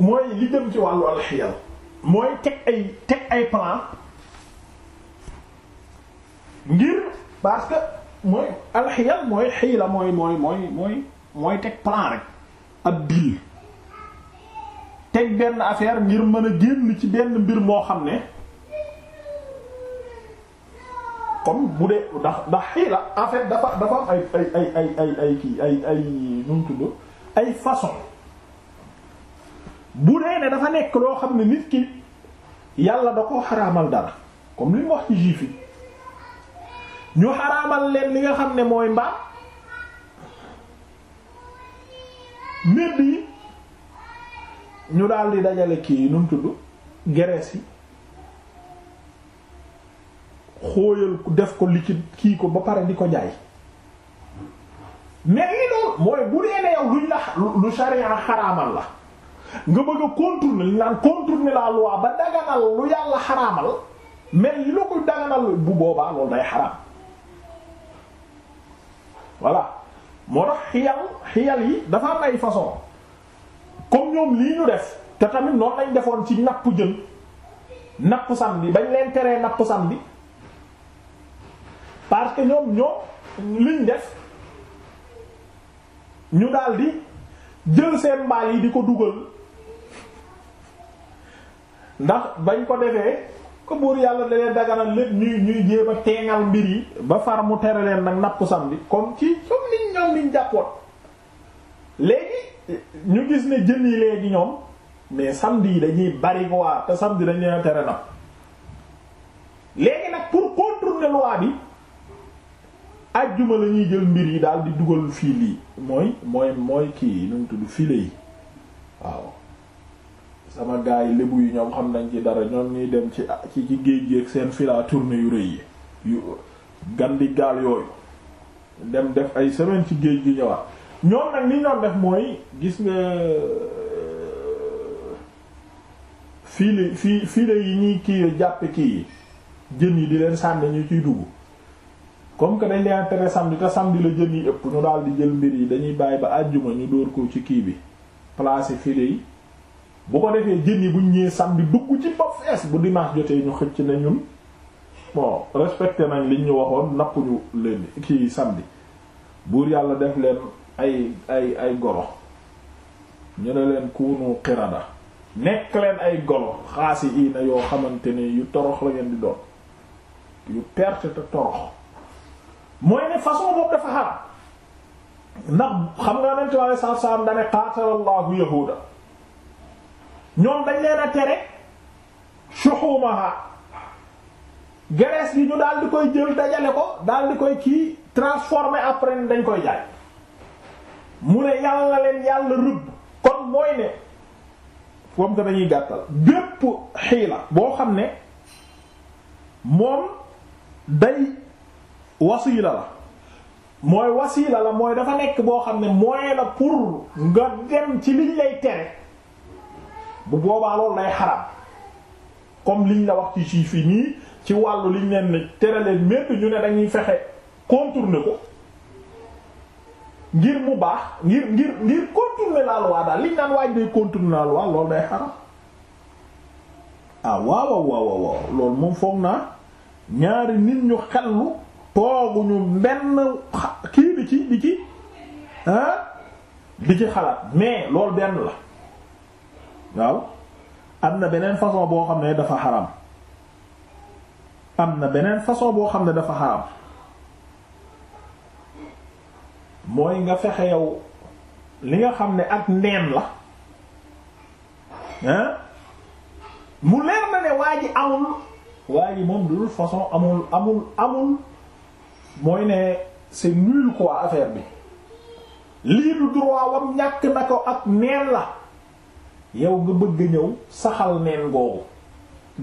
mooy li jëm ci wàllu alxiyal mooy teg ay teg ay plan ngir parce que mooy alxiyal mooy xiila mooy mooy mooy mooy mooy teg plan rek ab dil teg benn affaire ngir mën a génn ci benn mbir moo xam ne comme bu dee ndax ndax xiila en fait dafa dafa ay ay ay ay ay ay ay façon bu dee dafa nekk loo xam ne nit ki yàlla da koo xaraamal dara comme lim mu wax ci juif yi ñu xaraamal leen li nga xam ne mooy mbaam medd yi ñu daal di dajale kii yi nu mu tudd gerees yi xóoyal def ko liquide kii ko ba pare di ko jaay mais li loolu mooy bu dee yow luñ la lu sharia xaraamal la nga bëgg a contourner li naan contourner la loi ba daganal lu yàlla xaraamal mais li la koy daganal bu boobaa loolu day xaraam voilà moo tax xiyal xiyal yi dafa am ay façon comme ñoom lii ñu def te tamit noonu lañ defoon ci napp jën napp samedi bañ leen teree napp samedi parce que ñoom ñoom liñ def ñu daldi jël seen mbaal yi di ko dugal ndax bañ ko defee ko buur yàlla da leen daganal lépp ñuy ñuy jéem a teengal mbir yi ba far mu tere leen nag napp samedi comme ci comme niñ ñoom niñ jàppoon léegi ñu gis ne jën yi léegi ñoom mais samedi yi dañuy bari quoi te samedi dañ leen tere napp léegi nag pour contourner loi bi ajjuma la ñuy jël mbir yi daal di dugal fii lii mooy mooy mooy kii nu mu tudd filet yi waaw sama gars yi lébu yi ñoom xam nañ ci dara ñoom ñuy dem ci ci ci géej gi ak seen fila tourne yu rëy yi yu di gaal yooyu dem def ay semaine ci géej gi ñëwaat ñoom nag li ñoom def mooy gis nga euh, file fii file yi ñuy kii jàppe kii jën yi di leen sànni ñu ciy dugg comme que dañ leen tere samedi te samedi la jën yi ëpp ñu daal di jël mbir yi dañuy bàyyi ba àjjuma ñu dóor ko ci kii bi placer file yi bu ko defee jën yi buñ ñëwee samedi dugg ci bopp fees bu dimanche jotee ñu xëcc na ñun bon respecté nañ liñ ñu waxoon nappuñu leen kii samedi buur yàlla def leen ay ay ay golo ñu ne leen kuunu xirada nekk leen ay golo xaasi iina yoo xamante ne yu torox la ngeen di doon yu perte te torox mooy ne façon boobu dafa xaram ndax xam nga nanti waaye saab saab ndane qaatalallahu yahuuda ñoom dañ leen a tere shuhumaha graisse yi ñu daal di koy jël dajale ko daal di koy kii transformer après ni dañ koy jaay mu ne yàlla leen yàlla rëbb kon mooy ne comme que boo xam ne moom day la mooy dafa nekk boo xam ne moyen la nga dem ci liñ lay tere bu boobaa loolu day xaram comme liñ la wax ci juif yi nii ci wàllu liñ leen ne teraleen mépp ñu ne dañuy fexe contourner ko ngir mu baax ngir ngir ngir contourner la loi daal liñ naan waaj day contourner la loi loolu day xaram ah waaw waaw waaw loolu moom foog naa ñaari nit ñu xelu tooguñu benn kii bi ci di ci ah, di ci xalaat mais loolu benn la waaw am na beneen façon boo xam ne dafa xaram am na beneen façon boo xam ne dafa xaram mooy nga fexe yow li nga xam ne ak neen la hein mu leer na ne waa amul waa moom de façon amul amul amul mooy ne c'est nul quoi affaire bi lii du droit wam ñàkk na ko ak neen la yow nga bëgg a ñëw saxal neen googu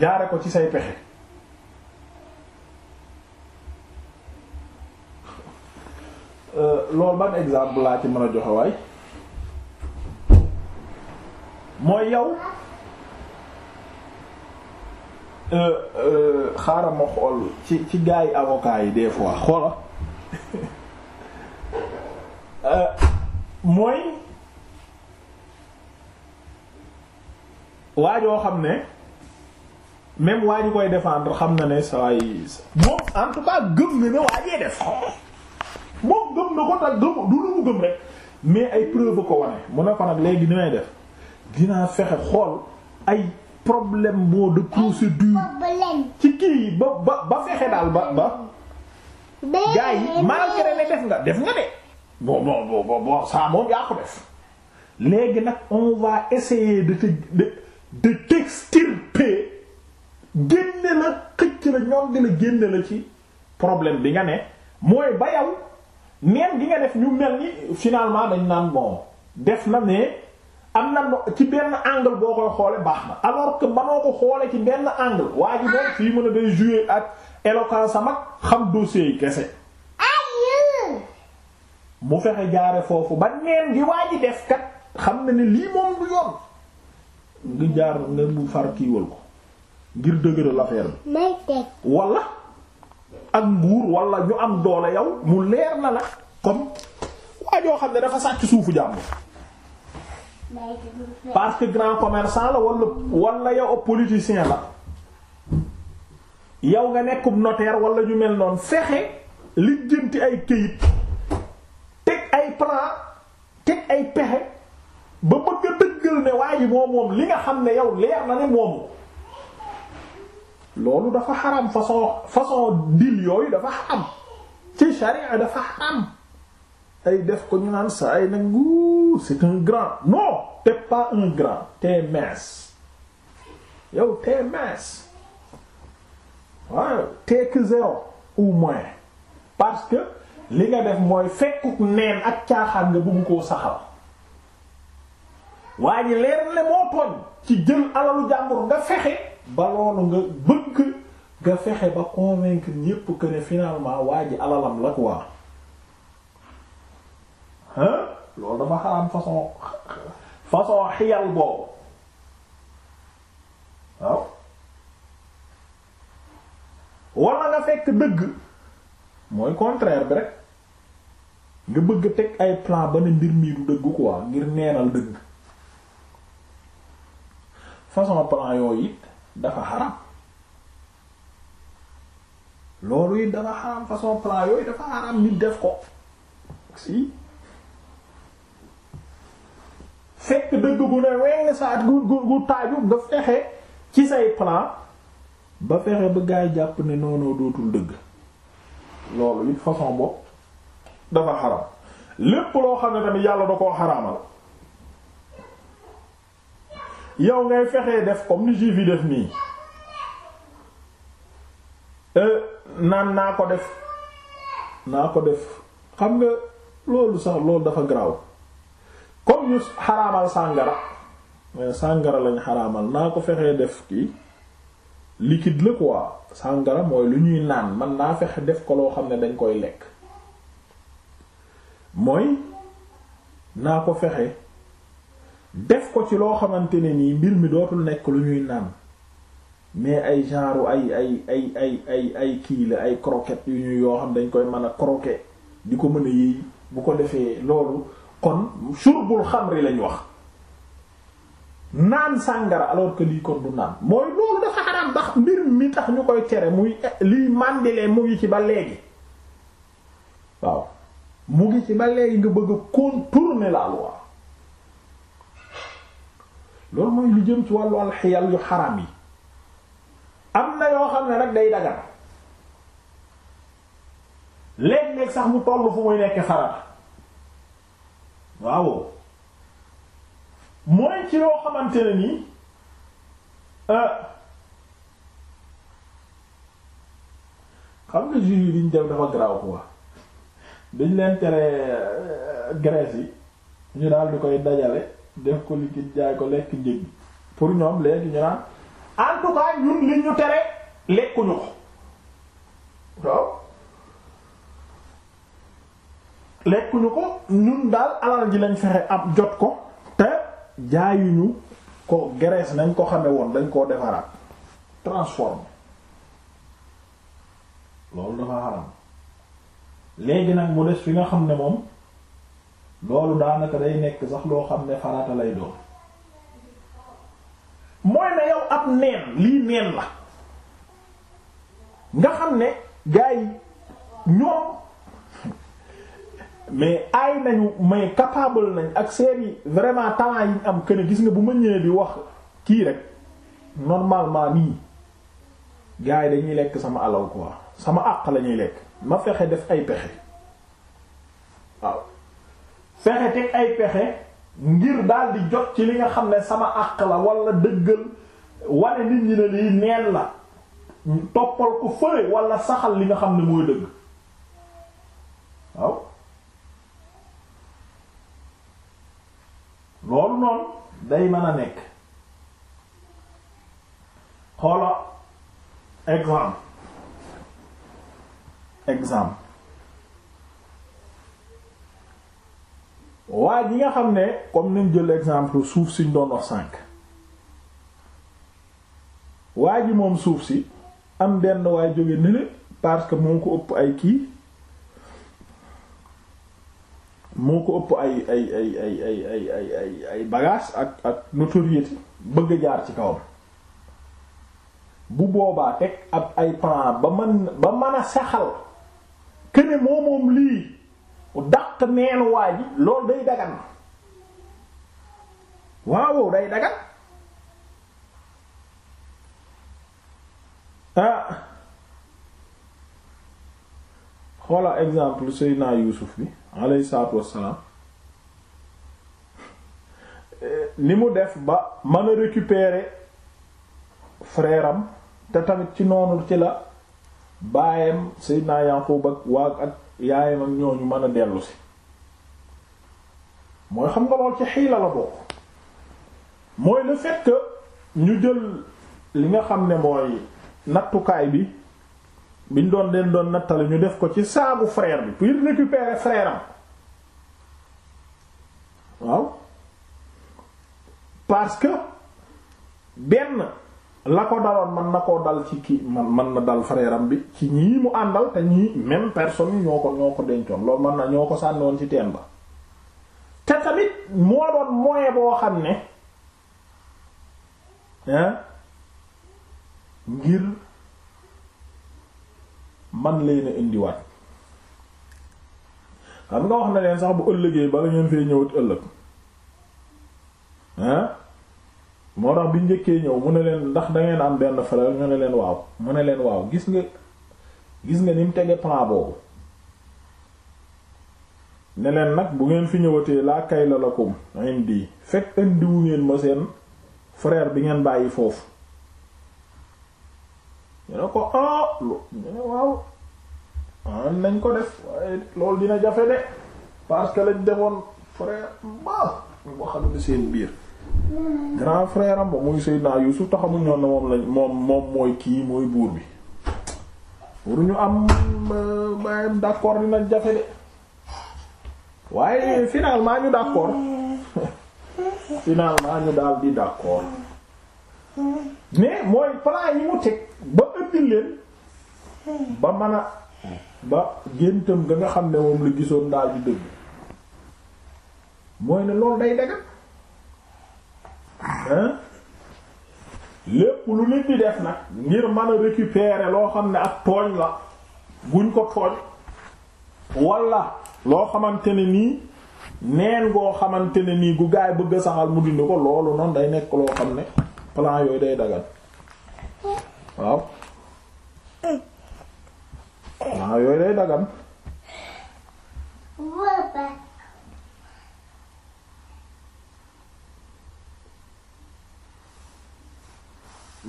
jaare ko ci say pexe euh, loolu ban exemple laa ci mën a joxe waay mooy yow euh, euh, xaaral ma xool ci ci gars yi yi des fois xoola mooy waajoo xam ne même waa ñu koy défendre xam na ne saa yi moom en tout gëm na ne waajee def moom gëm na ko tax gëm du lu mu gëm rek mais ay preuve ko wane mu ne ko léegi ni may def dinaa xool ay problème moo de procédure ci daal ba ba gaa yi def nga léegi nag on va essayer de de t'extirper génne la xëcc la ñoom dina génne la ci problème bi nga ne mooy ba yow neen gi nga def ñu mel ni finalement dañ naan bon def na ne am na ci benn angle boo koy xoole baax na alors que noo ko xoole ci benn angle waa ji moom fii mën a day jouer ak éloquence am xam dossier yi kese mu fexe jaare foofu ba neen gi waa ji def xam na ne lii moom du yoon nga jaar nga bu far kiiwal ko ngir dëgëral affaire bi ak nguur walla ñu am doole yaw mu leer na la comme waa xam ne dafa sàcc suufu jàmm parce que grand commerçant la wala wala yow politicien la yow nga nekkub notaire wala ñu mel noonu fexe li jënti ay këyit teg ay plan teg ay pexe ba bëgg a dëggal ne waa moom li nga xam ne yow leer na ne moomu loolu dafa xaram façon façon dil yooyu dafa xaram ci sharia dafa xaram ay def ko ñu naan sa ay nag wuu c'est un grand non t'es pas un grand t'es mince yow t'es mince waaw t'es que zéro au moins parce que li nga def mooy fekkuk neen ak caaxaan nga bëgg koo saxal waa ji leer le moo tooñ ci jëm alalu jàmbur nga fexe ba loolu nga bëgg nga fexe ba convaincre ñépp que ne finalement waa ji alalam la quoi hein loolu dafa xaram façon façon xiyal boobu waaw wala nga fekk dëgg mooy contraire bi rek nga bëgg teg ay plan ba ne mbir mii du dëgg quoi ngir neenal dëgg façon plan yooyu it dafa xaram loolu it dafa xaram façon plan yooyu dafa xaram nit def ko si fekk dëgg gu ne weng saat gu gu gu taaju nga fexe ci say plan ba fexe ba gaay jàpp ne noonoo dootul dëgg loolu it façon bopp dafa xaram lépp loo xam ne tamit yàlla da koo xaraamal yow ngay fexee def comme ni juif yi def nii euh, naan naa ko def naa ko def xam nga loolu sax loolu dafa garaaw comme ñu xaraamal sàngara sàngara lañ xaraamal naa ko fexee def kii liquide la quoi sàngara mooy lu ñuy naan man naa fexe def ko loo xam ne dañ koy lekk mooy naa ko fexe def ko ci loo xamante ne nii mbir mi dootul nekk lu ñuy naan mais ay genre ay ay ay ay ay ay kii la ay croquettes yu ñuy yoo xam dañ koy mën a croquer di ko mën a yéey bu ko defee loolu kon surbul xamri lañ wax naan sàngara alors que lii kon du naan mooy loolu dafa xaraam ndax mbir mi tax ñu koy tere muy liy màndilee mu ngi ci ba léegi waaw mu ngi ci ba léegi nga bëgg a contourner la loi loolu mooy lu jëm ci wàllu alxiyal yu xaram yi am na yoo xam ne nag day dagan léeg-léeg sax mu toll fu muy nekk farata waaw mooy ci yoo xamante ne nii euh, xam nga jur yi liñ def dafa garaaw quoi dañ leen tere euh, graisse yi ñu daal di koy dajale. def ko liquide jaay ko lekk njëg pour ñoom léegi ñu naan en ñun li ñu tere lekkuñu ko waaw lekkuñu ko ñun daal alal ji lañ fexe ab jot ko te jaayuñu ko graisse nañ ko xame woon dañ koo defaraat transforme loolu dafa xaram léegi nag mu des fi nga xam ne moom loolu daanaka day nekk sax loo xam ne farata lay doon mooy ne yow ab neen lii neen la nga xam ne gars yi ñoom mais aay nañu mais capable nañ ak seeni vraiment talent yi am que ne gis nga bu ma ñëwee di wax kii rek normalement nii gars yi dañuy lekk sama alaw quoi sama àq lañuy ñuy lekk ma fexe def ay pexe waaw. fexe teg ay pexe ngir daal di jot ci li nga xam ne sama àq la wala dëggal wane nit ñi ne lii neen la toppal ko fëre wala saxal li nga xam ne mooy dëgg waaw loolu noonu day mën a nekk xoola exemple exemple waa ji nga xam ne comme nañ jël exemple suuf si ñu doon wax sànq waa ji moom suuf si am benn waay jóge nële parce que moo ko ëpp ay kii moo ko ëpp ay ay ay ay ay ay ak ak notoriété bëgg jaar ci kawam bu boobaa teg ab ay plan ba mën ba mën a saxal këne moo moom lii neenu waa ji loolu day dagan waaw day dagan ah xoola exemple Seydina Yuusuf bi alayhi salaatu wassalaam li eh, mu def ba mën a récupérer frère te tamit ci noonu ci la baayam Seydina Yaaqub ak waa ak yaayam ak ñooñu mën a dellusi mooy xam nga lool ci xiila la bokk mooy le fekk ñu jël li nga xam ne mooy nattukaay bi biñ doon leen doon nattale ñu def ko ci saagu frère bi pour récupérer frère am waaw parce que benn la ko daloon man na koo dal ci kii man man na dal frère am bi ci ñii mu àndal te ñii même personne yi ñoo ko ñoo ko dencoon loolu man na ñoo ko sànniwoon ci teen ba tamit moo doon moyen boo xam ne hein ngir man leen a indiwaat xam nga wax na leen sax bu ëllëgee bala ngeen fee ñëwat ëllëg hein moo tax bi njëkkee ñëw mu ne leen ndax dangeen am benn frère ñu ne leen waaw mu ne leen waaw gis nga gis nga ni mu tege plan boobu ne leen nag bu ngeen fi ñëwatee laa kay la ko indi fekk indiwu ngeen ma seen frère bi ngeen bàyyi foofu ñu ne ko ah lu ñu ne waaw nañ ko def waaye loolu dina jafe de parce que lañ defoon frère ba waxal bi seen biir grand frère am ba muy Seydina Yuusuf taxamuñ noonu moom lañ moom moom mooy kii mooy buur bi pour ñu am euh, bàyyam d'accord dina jafe de waaye finalement ñu d'accord finalement ñu daal di d'accord mais mooy plan yi mu teg ba ëppil leen ba mën a ba géntam ga nga xam ne moom la gisoon daal di dëgg mooy ne loolu day dagat hein lépp lu nit di def na ngir mën a récupérer loo xam ne ak tooñ la guñ ko tooñ walla loo xamante ni nii neen ngoo xamante ne nii gu gaay bu a mu dindi ko loolu noonu day nekk loo xam ne plan yooyu day dagal waaw plan day dagan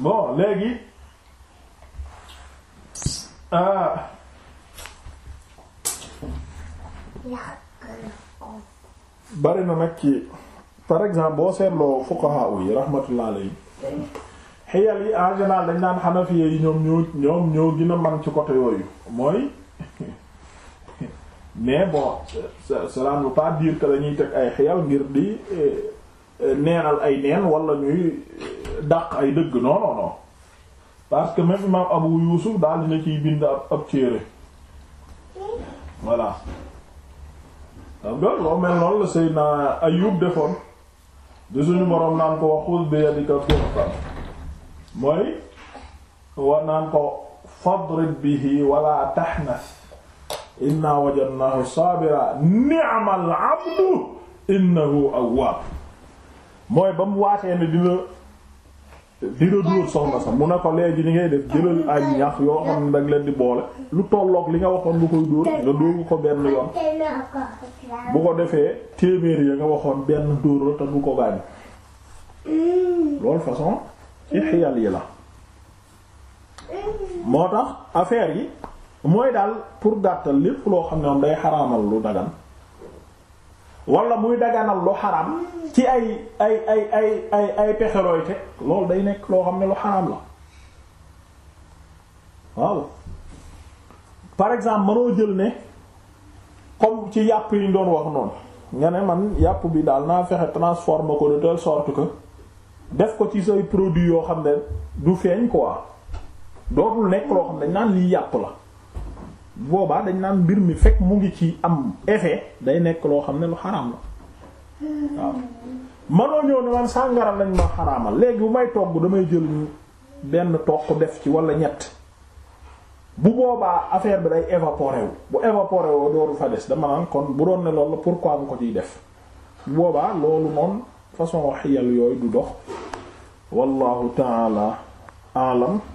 bon léegi euh, bari na nag ci par exemple boo seetloo fuqaha yi rahmatullah alayhi xiyal yi en général dañ naan xanafiye yi ñoom ñoo ñoom ñoo gën a man ci côté yooyu mooy mais bon cela ne veut pas dire que dañuy teg ay xiyal ngir di eh, eh, neenal ay neen walla ñuy eh, dàq ay dëgg non parce que même imam Abu Yusuf daal dina ciy bind ab ab téere voilà xam nga loo mel noonu la Seydina Ayub defoon du suñu boroom naan ko waxul bi yadika turqan mooy war naan ko fadrib bihi wala tahnas inna wajadnahu sabira ni'mal abdu innahu awwab mooy ba mu waatee ne dina di la dóor soxna sax mu ne ko léegi ni ngay def jëlal ay ñax yoo xam ne danga leen di boole lu tolloog li nga waxoon nga koy dóor nga dóoru ko benn yoon bu ko defee téeméer ya nga waxoon benn dóor la te du ko gaañ loolu façon ci xiyal yi la moo tax affaire yi mooy daal pour gàttal lépp loo xam ne moom day xaraamal lu dagan wala muy daganal lu xaram ci ay ay ay ay ay ay pexerooy te loolu day nekk loo xam ne lu xaram la waaw par exemple mënoo jël ne comme ci yàpp yi ñu doon wax noonu nga ne man yàpp bi daal naa fexe transformer ko de telle sorte que def ko ci say produit yoo xam ne du feeñ quoi dootul nekk loo xam ne naan lii yàpp la boobaa dañ naan mbir mi fekk mu ngi ci am effet day nekk loo xam ne lu xaraam la waaw manoo ñëw ne man sàngara lañ ma xaraamal léegi bu may togg damay jël benn toq def ci wala ñett bu boobaa affaire bi day évaporé bu évaporé wu dooru fa des dama naan kon bu doon ne loolu pourquoi mu ko ciy def bu boobaa loolu noonu façon xiyal yooyu du dox wallahu taala alam